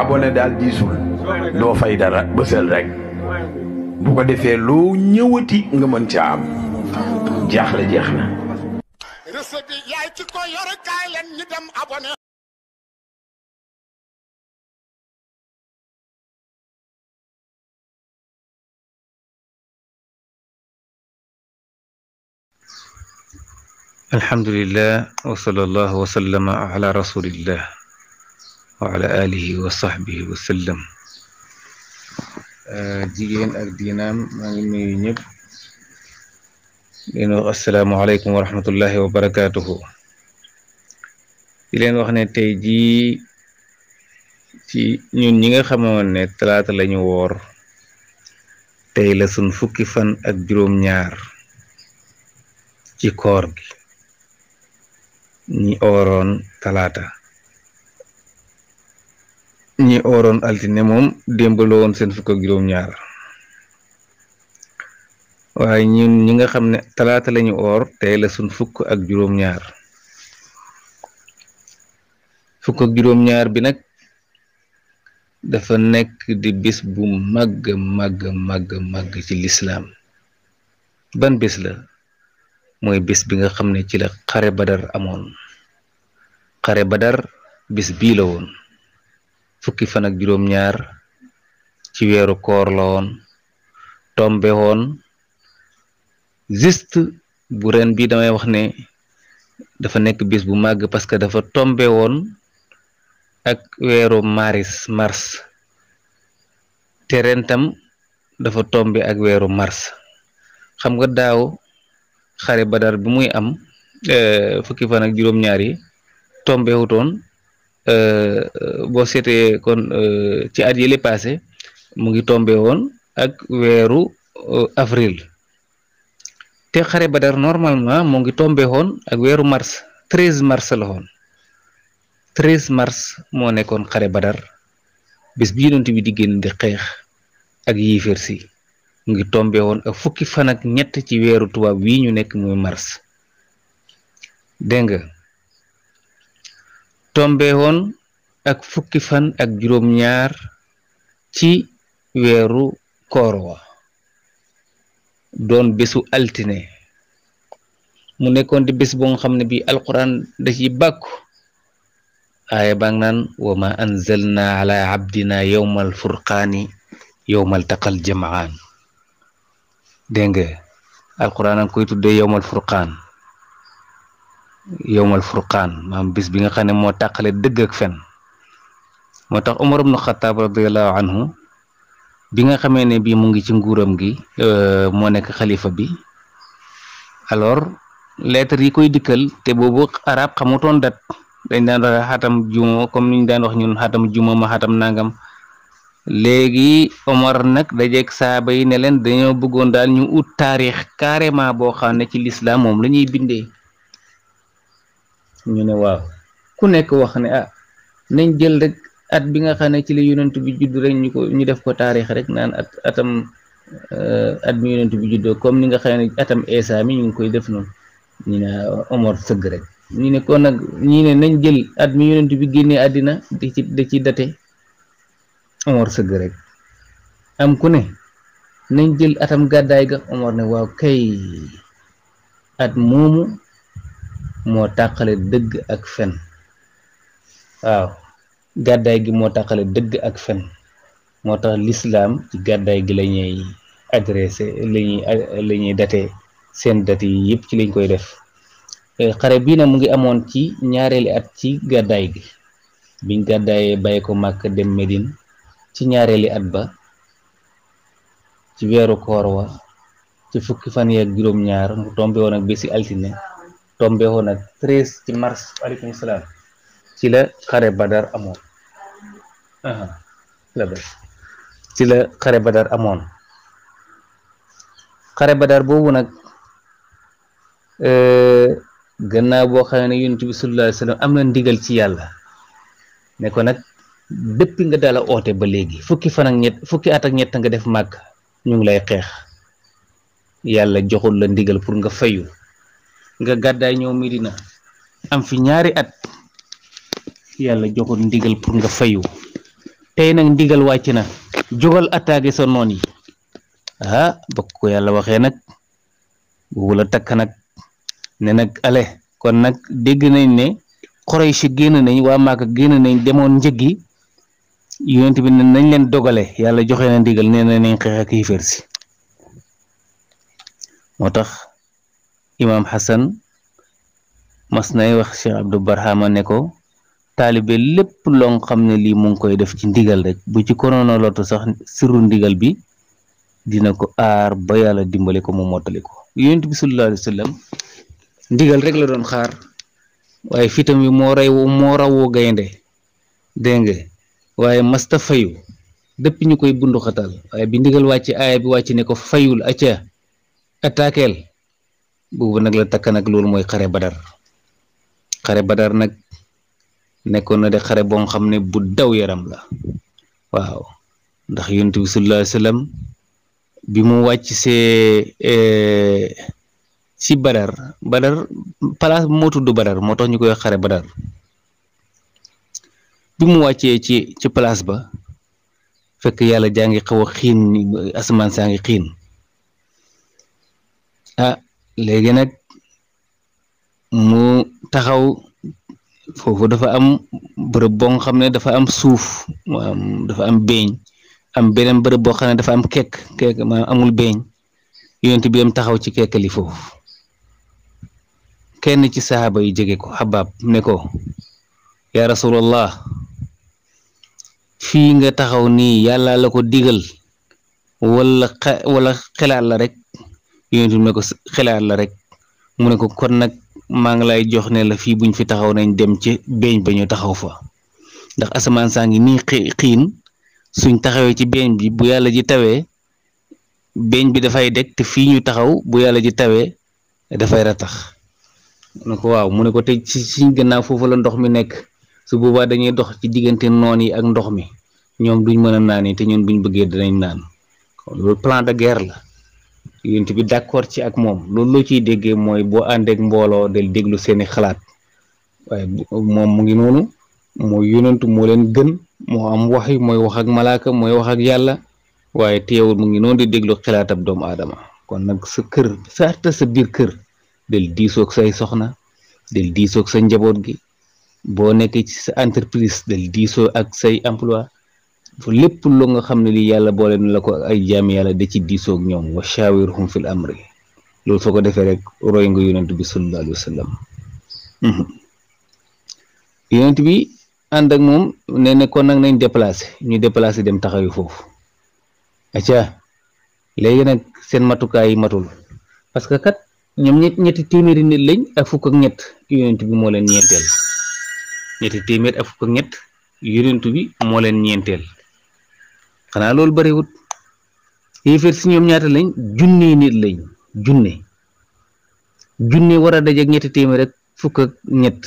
abonné daal diisul doo fay dara bësal rek bu ko defee loo ñëwati nga mën caa am jaaxle jeex na recette bi yaay ci ko yore kaay leen ñi dem abonné alhamdulillah wa sallallahu wa sallama ala rasulillah wa ala alihi wa sahbihi wa sallam jigéen ak diinaam maa ngi nuyu ñëpp leen wax wa rahmatullahi wa barakaatuhu di leen wax ne tey jii ci ñun ñi nga xamoon talaata lañu woor tey la fukki fan ak juróom ñaar ci koor gi ñi ooroon talaata ñi oron altine mom demb lo won sen fuk ak juroom ñaar way ñun ñi nga xamne talata lañu or te la sun fuk ak juroom ñaar fuk ak juroom ñaar bi nak dafa nek di bis bu mag mag mag mag ci l'islam ban bis la moy bis bi nga xamne ci la xare badar amon xare badar bis bi la won fukki fan ak juróom-ñaar ci weeru koor la woon tombe woon juste bu ren bi damay wax ne dafa nekk bis bu màgg parce que dafa tombe woon ak weeru maris mars te ren tam dafa tombe ak weeru mars xam nga daaw xare badar bi muy am eh, fukki fanak ak juróom-ñaar yi tombe Eh, eh, bo sété kon eh, ci at yi li passé mu ngi tombé won ak wéru avril te xare badar normalement mu ngi tombé hon ak wéru mars 13 mars la hon 13 mars moo nekkoon xare badar bis bi yonent bi di génn di xex ak yiifér si mu ngi tombé woon ak fukki fan ak ñett ci wéru tuba wi ñu nekk mars dégg tombe ak fukki fan ak juróom ñaar ci weeru koor wa doon bésu altine mu nekkoon di bés bo xam ne bi alquran da ci bàkku aaya baa ngi naan wa ma anzalna ala abdina yowmal furqaani yowmal taqal jamaan dégg nga alquran a ngi furqaan yowmal furqan maam bis bi nga xam mo takale deug ak fen motax umar ibn khattab radiyallahu anhu bi nga xamee ne bii mu ngi ci nguram gi euh, mo nek khalifa bi alors lettre yi koy dikkel te bobu arab xamoton dat dañ dan wax hatam juma comme niñ dan wax ñun hatam juma ma hatam nangam legi omar dajé ak sahaba yi ne len dañu bëggoon dal ñu ut tarikh carrément bo xamné ci l'islam mom lañuy bindé ñu ne waaw ku nekk wax ne a ah, nañ jël rek at bi nga xam ne ci la yonent bi judd rek ñu ko ñu def ko taarix rek naan at atam eh, at mi yonent bi juddoo comme ni nga xam ne atam Eesa mi ñu ngi koy def noonu ñu sëgg rek ñu ne ñi ne nañ jël at mi yonent bi génnee àddina di ci da ci date Omar sëgg rek am ku ne nañ jël atam gàddaay ga Omar ne waaw kay at moomu moo tàqale dëgg ak fen waaw gàddaay gi moo tàqale dëgg ak fen moo tax lislaam ci gàddaay gi la ñuy agressé date seen date yi yëpp ci lañ koy def euh, xare bii nag mu ngi amoon ci ñaareeli at ci gàddaay gi biñ gàddaayee bàyyi ko màkk dem medin ci ñaareeli at ba ci weeru koor wa ci fukki fan yeeg juróom-ñaar mu tombe woon ak bési altine tombe hona tris ci mars alaykum salam ci la xare badar aha la bes ci la xare badar amon xare badar bobu nak euh ganna bo ne yunus bi sallallahu alayhi wasallam amna ndigal ci yalla ne ko nak depp nga dala oté ba légui fukki fan ak ñet fukki at ak ñet nga def mak ñu ngi lay xex yalla joxul la ndigal pour nga fayu nga gàddaay ñëw Medina am fi ñaari at yàlla joxoon ndigal pour nga fayu tey nag ndigal wàcc na jógal attaqué sa noon yi ah bokk ko yàlla waxee nag boobu la takk nag ne nag ale kon nag dégg nañ ne si génn nañ waa Màkka génn nañ demoon njëggi yonent bi ne nañ leen dogale yàlla joxe na ndigal nee na nañ xeex ak si moo tax imaam xasan mas nay wax Cheikh Abdou Barhama ne ko taalibe lépp loo xam ne lii mu ngi koy def ci ndigal rek bu ci konoona lotu sax siru ndigal bi dina ko aar ba yàlla dimbali ko mu mottali ko yonent bi sallallahu ndigal rek la doon xaar waaye fitam yi moo rawoo gaynde dégg nga waaye masta fayu dëpp ñu koy bundu waaye bi ndigal wàcc aaya bi wàcc ne ko fayul acca attaqueel boobu nag la takk nag loolu mooy xare badar xare badar nag nekkoon na de xare boo xam ne bu daw yaram la waaw ndax yonent bi sallallahu alayhi bi mu wàcc see eh, ci badar badar place moo tudd badar moo tax ñu koy xare badar bi mu wàccee ci ci place ba fekk yàlla jaa ngi xaw a xiin asamaan saa ngi xiin ah léegi nag mu taxaw foofu dafa am bërëb boo xam ne dafa am suuf maanaam dafa am beeñ am beneen bërëb boo xam ne dafa am kekk kekk maanaam amul beeñ yonent bi dem taxaw ci kekkali foofu kenn ci saxaaba yi jege ko xabaab ne ko yaa rasulallah fii nga taxaw nii yàlla la ko digal wala wala xelaat la rek yonent bi ne ko xelaat la rek mu ne ko kon nag maa ngi lay jox ne la fii buñ fi taxaw nañ dem ci beeñ ba ñu taxaw fa ndax asamaan saa ngi nii xiin suñ taxawee ci beeñ bi bu yàlla ji tawee beeñ bi dafay deg te fii ñu taxaw bu yàlla ji tawee dafay ratax mu ne ko waaw mu ne ko te ci suñ gannaaw foofu la ndox mi nekk su boobaa dañuy dox ci diggante noon yi ak ndox mi ñoom duñ mën a naan te ñun buñ bëggee danañ naan loolu de guerre la yonent bi d'accord ci ak moom loolu loo ciy déggee mooy boo àndeek mbooloo del déglu seeni xalaat moom mu ngi noonu mooy yonentu moo leen gën moo am wax yi mooy wax ak malaaka mooy wax ak yàlla waaye teewul mu ngi noonu di déglu xalaatab doomu aadama kon nag sa kër sarta sa biir kër del diisoog say soxna del diisoog sa njaboot gi boo nekkee ci sa entreprise del diisoo ak say emploi lépp lu nga xam ne li yàlla boole na la ko ay jaami yàlla da ci diisoog ñoom wa shaawirhum fil amri loolu soo ko defee rek roy nga yonent bi su alayhi wa sallam yonent bi ànd ak moom nee na nag nañ déplacé ñu déplacé dem taxawi foofu acca léegi nag seen matukaay yi matul parce que kat ñoom ñett ñetti téeméeri nit lañ ak fukk ñett moo leen ñeenteel ñetti fukk ak ñett yonent bi moo leen ñeenteel xanaa loolu bariwut yéeféer si ñoom ñaata lañ junne nit lañ junne junne war a dajeeg ñetti téeméer rek fukk ak ñett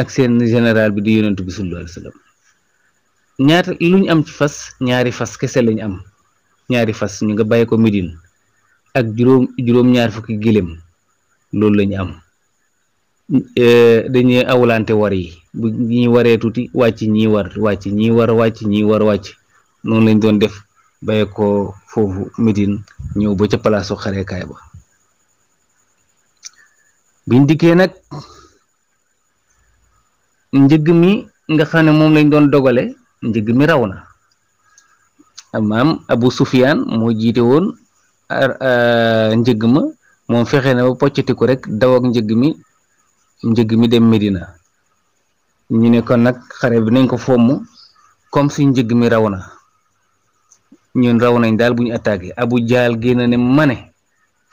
ak seen général bi di yonent bi sallallahu alayhi wa ñaata luñ am ci fas ñaari fas kese lañ am ñaari fas ñu nga bàyyi ko Médine ak juróom ñaar fukki gëléem loolu lañu am euh, dañuy awlante war yi ñi waree tuuti wàcc ñi war wàcc ñi war wàcc ñi war wàcc noonu lañ doon def bàyyi foofu Médine ñëw ba ca palaasu xarekaay ba biñ dikkee nag njëgg mi nga xam ne moom lañ doon dogale njëgg mi raw na maam Abu Sufyaan moo jiite woon euh, njëgg ma moom fexe ne ba poccatiku rek dawak ak njëgg mi njëgg mi dem Médina ñu ne kon nag xare bi nañ ko fomm comme si njëgg mi raw na ñun raw nañ daal bu ñu attaqué abu jaal génn ne mane ne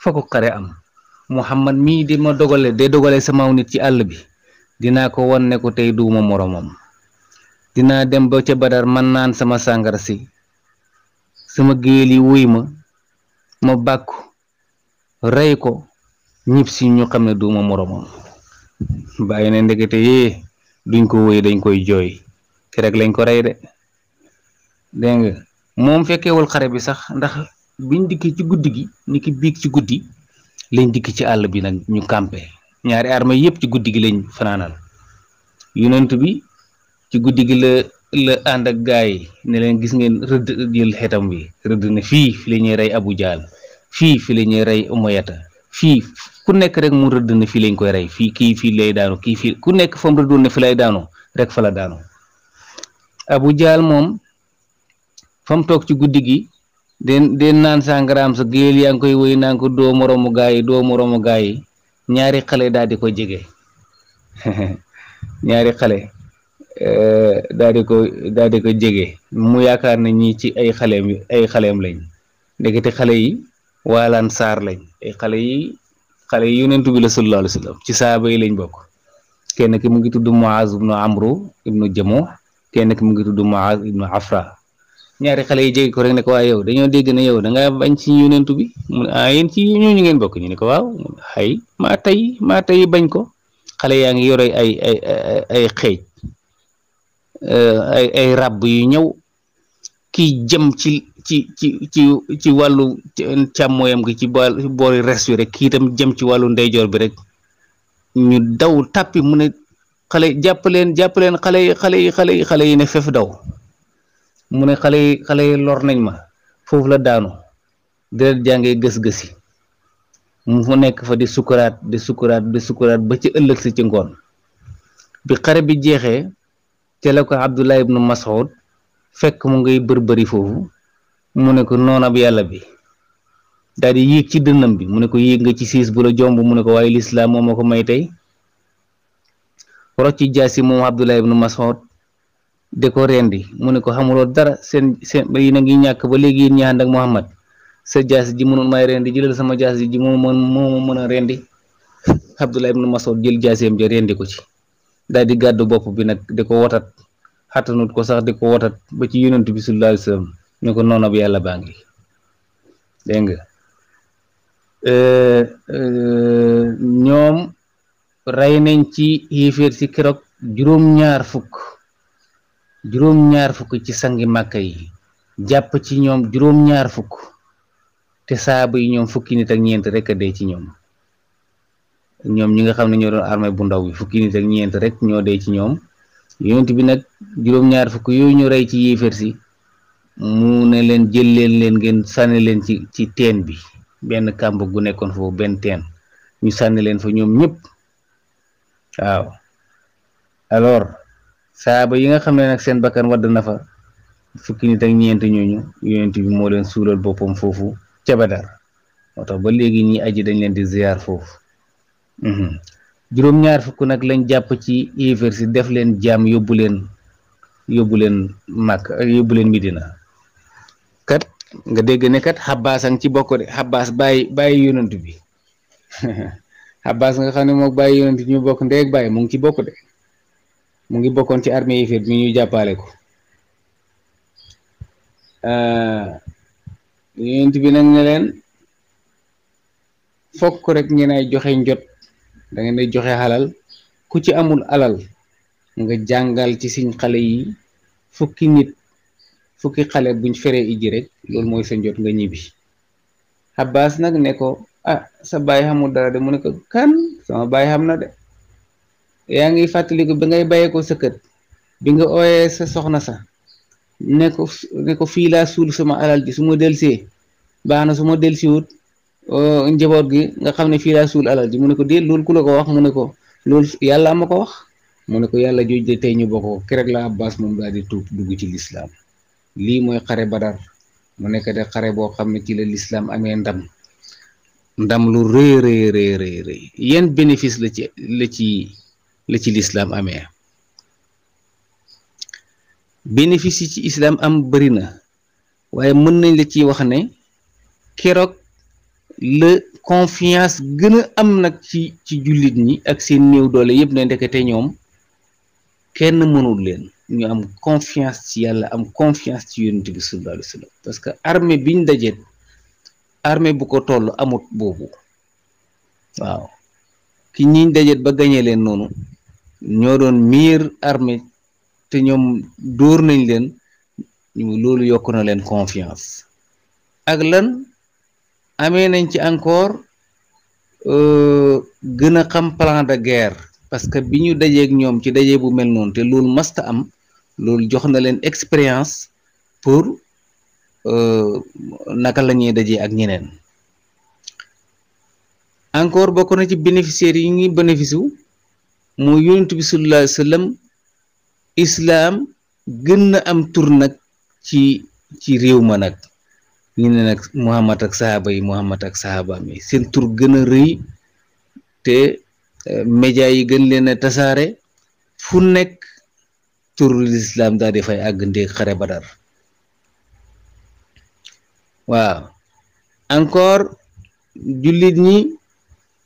fa ko xare am muhammad mii di ma dogale day dogale sama nit ci àll bi dinaa ko wan ne ko tey duuma moromam dinaa dem ba ca badar man naan sama sàngara si sama géel yi wuy ma ma bàkk rey ko ñib si ñu xam ne duuma moromam bàyyi ne ndekete yee duñ ko woy dañ koy jooy te lañ ko rey de dégg moom fekkeewul xare bi sax ndax biñ dikki ci guddi gi ni ki biig ci guddi lañ dikk ci àll bi nag ñu campé ñaari armée yëpp ci guddi gi lañ fanaanal yonent bi ci guddi gi la la ànd ak gaa yi ne leen gis ngeen rëdd jël xetam wi rëdd ne fii fi la ñuy rey Abu Jaal fii fi la ñuy rey Umayata fii ku nekk rek mu rëdd ne fii lañ koy rey fii kii fii lay daanu kii fii ku nekk fa mu rëddoon ne fi lay daanu rek fa la daanu Abu Jaal moom fa mu toog ci guddi gi den den naan sangaraam sa géel yaa ngi koy woy naan ko doo moroomu gaa yi doo moroomu gaa yi ñaari xale daal di ko jege ñaari xale eh, daal di ko daal ko jege mu yaakaar na ñi ci ay xaleem ay xaleem lañ ndekete xale yi waalaan saar lañ ay xale yi xale yi yonent bi la sallallahu alayhi ci saaba yi lañ bokk kenn ki mu ngi tudd Muaz ibnu Amru ibnu Jamuh kenn ki mu ngi tudd Muaz Afra ñaari xale yi jege ko rek ne ko waa yow dañoo dégg ne yow da ngaa bañ ci yonentu bi mu ne ah yéen ci ñooñu ngeen bokk ñu ne ko waaw ay maa tey maa tey bañ ko xale yaa ngi yore ay ay ay xeej euh, ay ràbb yu ñëw kiy jëm ci ci ci ci ci wàllu càmmooyam gi ci boori res bi rek kii itam jëm ci wàllu ndeyjoor bi rek ñu daw tàppi mu ne xale jàppaleen jàppaleen xale yi xale yi xale yi xale yi ne fef daw mu ne xale yi xale yi lor nañ ma foofu la daanu deret jàngee gës-gësi mu nekk fa di sukuraat di sukuraat di sukuraat ba ci ëllëg si ci ngoon bi xare bi jeexee ca la ko Abdullah ibnu Mas'ud fekk mu ngay bërbëri foofu mu ne ko noon ab yàlla bi daal di yéeg ci dënnam bi mu ne ko yéeg nga ci siis bu la jomb mu ne ko waaye lislaam moo ma ko may tey rocci jaasi moom Abdullah ibnu Mas'ud di ko rendi mu ne ko xamuloo dara seen seen yi na ngi ñàkk ba léegi yéen ñi ànd Muhammad sa jaas ji mënul may rendi jëlal sama jaas ji moo mën moo mën a rendi Abdullah ibn Mas'ud jël jaaseem ja rendi ko ci daal di gàddu bopp bi nag di ko wotat xattanut ko sax di ko wotat ba ci yonent bi sallallahu alayhi ñu ko noona bi yàlla baa ngi dégg nga ñoom rey nañ ci yéeféer si keroog juróom-ñaar fuk juróom-ñaar fukk ci sangi màkka yi jàpp ci ñoom juróom-ñaar fukk te saaba yi ñoom fukki nit ak ñeent rek a dee ci ñoom ñoom ñi nga xam ne ñoo doon armée bu ndaw bi fukki ak ñeent rek ñoo dee ci ñoom yonent bi nag juróom fukk yooyu ñu rey ci yéeféer si mu ne leen jël leen leen ngeen sànni leen ci ci teen bi benn kàmb gu nekkoon foofu benn teen ñu sànni leen fa ñoom ñëpp waaw alors saaba yi nga xam ne nag seen bakkan wadd na fa fukki nit ak ñeent ñooñu yonent bi moo leen suulal boppam foofu ca Badar ba léegi ñi aji dañ leen di ziyaar foofu mhm. juróom-ñaar fukk nag lañ jàpp ci université def leen jaam yóbbu leen yóbbu leen màkk yóbbu leen Medina kat nga dégg ne kat xabbaas ci bokk de xabbaas bàyyi bàyyi yonent bi xabbaas nga xam ne moom bàyyi yonent ñu bokk ndeeg bàyyi mu ngi ci bokk de mu ngi bokkoon ci armée yéeféer bi ñuy jàppaale ko euh, yonent bi nag ne leen fokk rek ngeen ay joxe njot da ngeen di joxe halal ku ci amul alal nga jàngal ci siñ xale yi fukki nit fukki xale buñ feree iji rek loolu mooy sa njot nga ñibi Abbas nag ne ko ah sa baay xamul dara de mu ne ko kan sama baay xam na de yaa ngi fàttaliku ba ngay bàyyee ko sa bi nga ooyee sa soxna sa ne ko ne fii laa suul sama alal ji su ma delsee baax na su ma delsiwut oh, njaboot gi nga xam ne fii laa suul alal ji mu ne ko dee loolu ku la ko wax mu ne ko loolu yàlla ma ko wax mu ne ko yàlla jooju de tey ñu bokk kerek la Abbas moom daal di tuub dugg ci lislaam lii mooy xare Badar mu nekk de xare boo xam ne ci la lislaam amee ndam ndam lu rëy rëy rëy rëy bénéfice la ci la ci la ci lislaam amee bénéfice ci islaam am bari na waaye mën nañ la ci wax ne keroog la confiance gën am nag ci ci jullit ñi ak seen néew doole yëpp ne ndekete ñoom kenn mënul leen ñu am confiance ci yàlla am confiance ci yonent bi sallallahu alayhi parce que armée biñ dajet armée bu ko toll amut boobu waaw ki ñiñ dajet ba gañee leen noonu ñoo doon miir armée te ñoom dóor nañ leen loolu yokk na leen confiance ak lan amee nañ ci encore euh, gën a xam plan de guerre parce que bi ñu dajeek ñoom ci dajee bu mel noonu te loolu masta am loolu jox na leen expérience pour euh, naka la ñuy dajee ak ñeneen encore bokk na ci bénéficiaires yi ngi bénéfice wu mooy yonent bi sallallahu alayhi wa gën na am tur nag ci ci réew ma nag ñu ne nag muhammad ak sahaaba yi muhammad ak sahaaba mi seen tur gën a rëy te eh, média yi gën leena tasaare fu nekk tur lislaam daal di fay àgg ndéeg xare badar waaw encore jullit ñi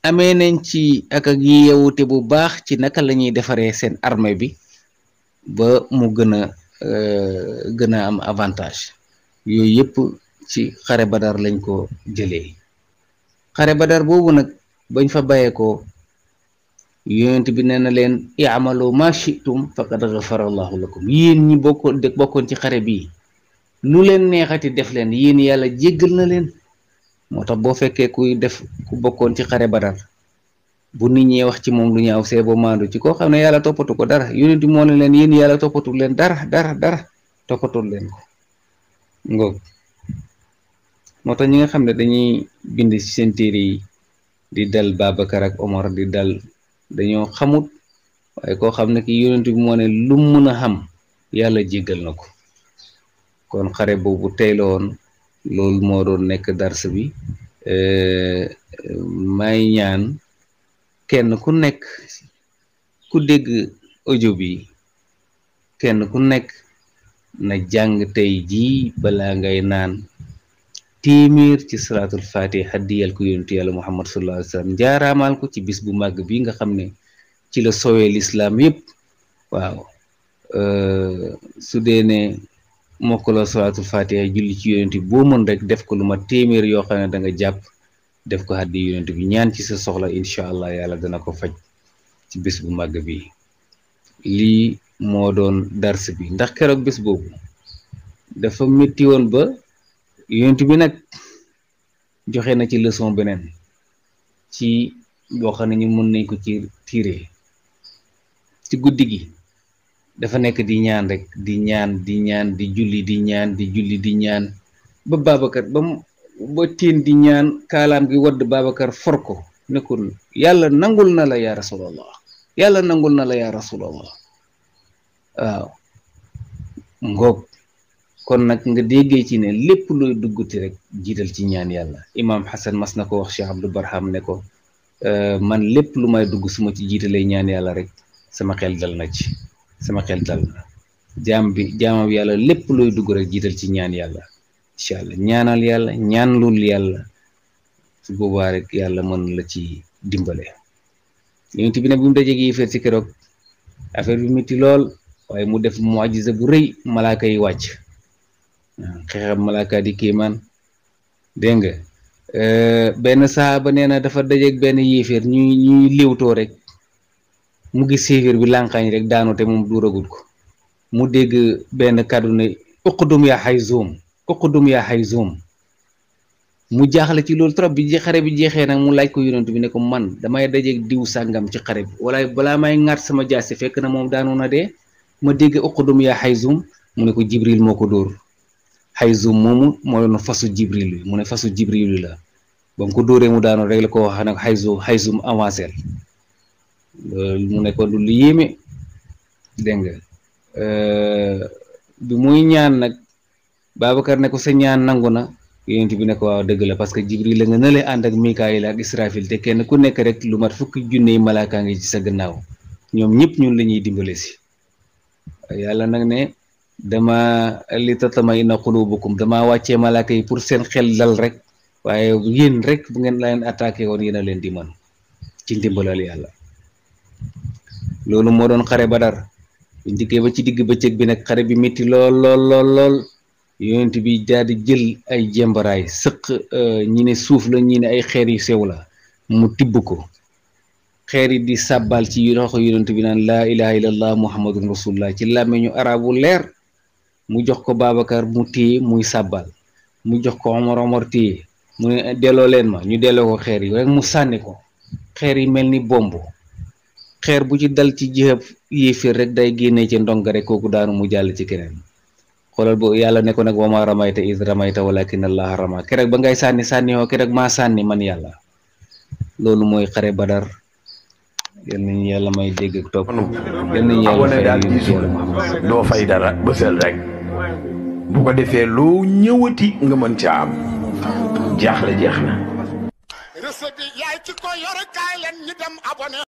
amee nañ ci ak ak yeewute bu baax ci naka la ñuy defaree seen armée bi ba mu gën a euh, gën a am avantage yooyu yëpp ci xare badar lañ ko jëlee xare badar boobu nag bañ fa bàyyeekoo yonent bi nee na leen i'malu ma shi'tum faqad ghafara allahu lakum yéen ñi bokkoon ci xare bii lu leen neexati def leen yéen yàlla jéggal na leen moo tax boo fekkee kuy def ku bokkoon ci xare badar bu nit ñee wax ci moom lu ñaaw see boo maandu ci koo xam ne yàlla toppatu ko dara yonent bi moo ne leen yéen yàlla toppatu leen dara dara dara toppatu leen ko ngoog moo ñi nga xam ne dañuy bind ci seen téere yi di dal Babacar ak Omar di dal dañoo xamut waaye koo xam ne ki yonent bi moo ne lu mun a xam yàlla jéggal na ko kon xare boobu tey la woon loolu moo doon nekk dars bi eh, may ñaan kenn ku nekk ku dégg audio bi kenn ku nekk na jàng tey jii balaa ngay naan téeméer ci salaatul fatiha haddiyal ko yonentu yàlla muhammad sallallahu alayhi ko ci bis bu màgg bi nga xam ne ci la sowee lislaam yépp waaw eh, su ne la salatu fatiha julli ci yonent bo mon rek def ko luma ma yo xamne da nga japp def ko haddi yonent bi ñaan ci sa soxla inshallah yalla dana ko fajj ci bes bu mag bi li mo doon dars bi ndax kérok bes boobu dafa metti won ba yonent bi nak joxe na ci leçon benen ci bo xamne ñu mën nañ ko ci tirer ci guddigi dafa nekk di ñaan rek di ñaan di ñaan di julli di ñaan di julli di ñaan ba Babacar ba tiin di ñaan kaalaam gi wadd Babacar for ko ne yàlla nangul na la yaa rasulallah yàlla nangul na la yaa rasulallah waaw ngoog kon nag nga déggee ci ne lépp looy dugguti rek jiital ci ñaan yàlla imaam Xasan mas na ko wax Cheikh Abdou Barham ne ko euh, man lépp lu may dugg suma ma ci jiitalee ñaan yàlla rek sama xel dal na ci sama xel dal na jaam bi jaamam yàlla lépp looy dugg rek jiital ci ñaan yàlla incha allah ñaanal yàlla ñaan lul yàlla su boobaa rek yàlla mën la ci dimbale yonent bi nag bi mu dajee yéeféer ci keroog affaire bi métti lool waaye mu def mujiza bu rëy malaakay yi wàcc xeexam malaaka di kéemaan dégg nga euh, benn saaba nee na dafa dajeeg benn yéeféer ñuy ñuy léewtoo rek mu gis séeféer bi lànqaañ rek daanoo te moom duuragul ko mu dégg benn kàddu ne uqdum yaa xay zoom uqdum yaa xay zoom mu jaaxle ci loolu trop bi xare bi jeexee nag mu laaj ko yonent bi ne ko man damay dajeeg diw sàngam ci xare bi wala balaa may ŋaat sama jaasi fekk na moom daanu na dee ma dégg uqdum yaa xay zoom mu ne ko jibril moo ko dóor xay zoom moomu mooy doon fasu jibril bi mu ne fasu jibril bi la ba mu ko dóoree mu daanu rek la ko wax nag xay zoom xay zoom avancé Euh, mu nekkoon du lu yéeme dégg nga bi euh, muy ñaan nag Babacar ne ko sa ñaan nangu na yonent bi ne ko waaw dëgg la parce que Jibril la nga na lee ànd ak Mikaayil ak Israfil te kenn ku nekk rek lu mat fukki junne yi malaaka ngi ci sa gannaaw ñoom ñëpp ñun la ñuy dimbale si yàlla nag ne dama li tatma'inna qulubukum dama wàccee malaaka yi pour seen xel dal rek waaye yéen rek bu ngeen leen attaqué woon yen a leen di man ci ndimbalal yàlla loolu moo doon xare ba dara dikkee ba ci digg bëccëg bi nag xare bi métti lool lool lool lool yonent bi daal jël ay jembaraay sëq euh, ñi ne suuf la ñi ne ay xeer yu sew la mu tibb ko xeer yi di sàbbal ci loxo yonent bi naan laa ilaha illallah muhammadun rasulullah ci làmmiñu arabu leer mu jox ko Babacar mu téye muy sàbbal mu jox ko Omar Omar téye mu ne delloo leen ma ñu delloo ko xeer yi rek mu sànni ko xeer yi mel ni bomb xeer bu ci dal ci jëf yéefir rek day génne ci ndong rek koku daanu mu jall ci keneen xolal bu yalla ne ko nak wama ma ramayta iz ramayta walakin allah rama rek ba ngay sanni ho ke rek ma sanni man yalla lolou moy xare badar yal ni yalla may deg ak topp yalla nañu yàlla fay yu doo fay dara bësal rek bu ko defé lo ñewati nga man ci am jaxla jaxna jeex yaay ci ko yor kay lan ñu dem abonné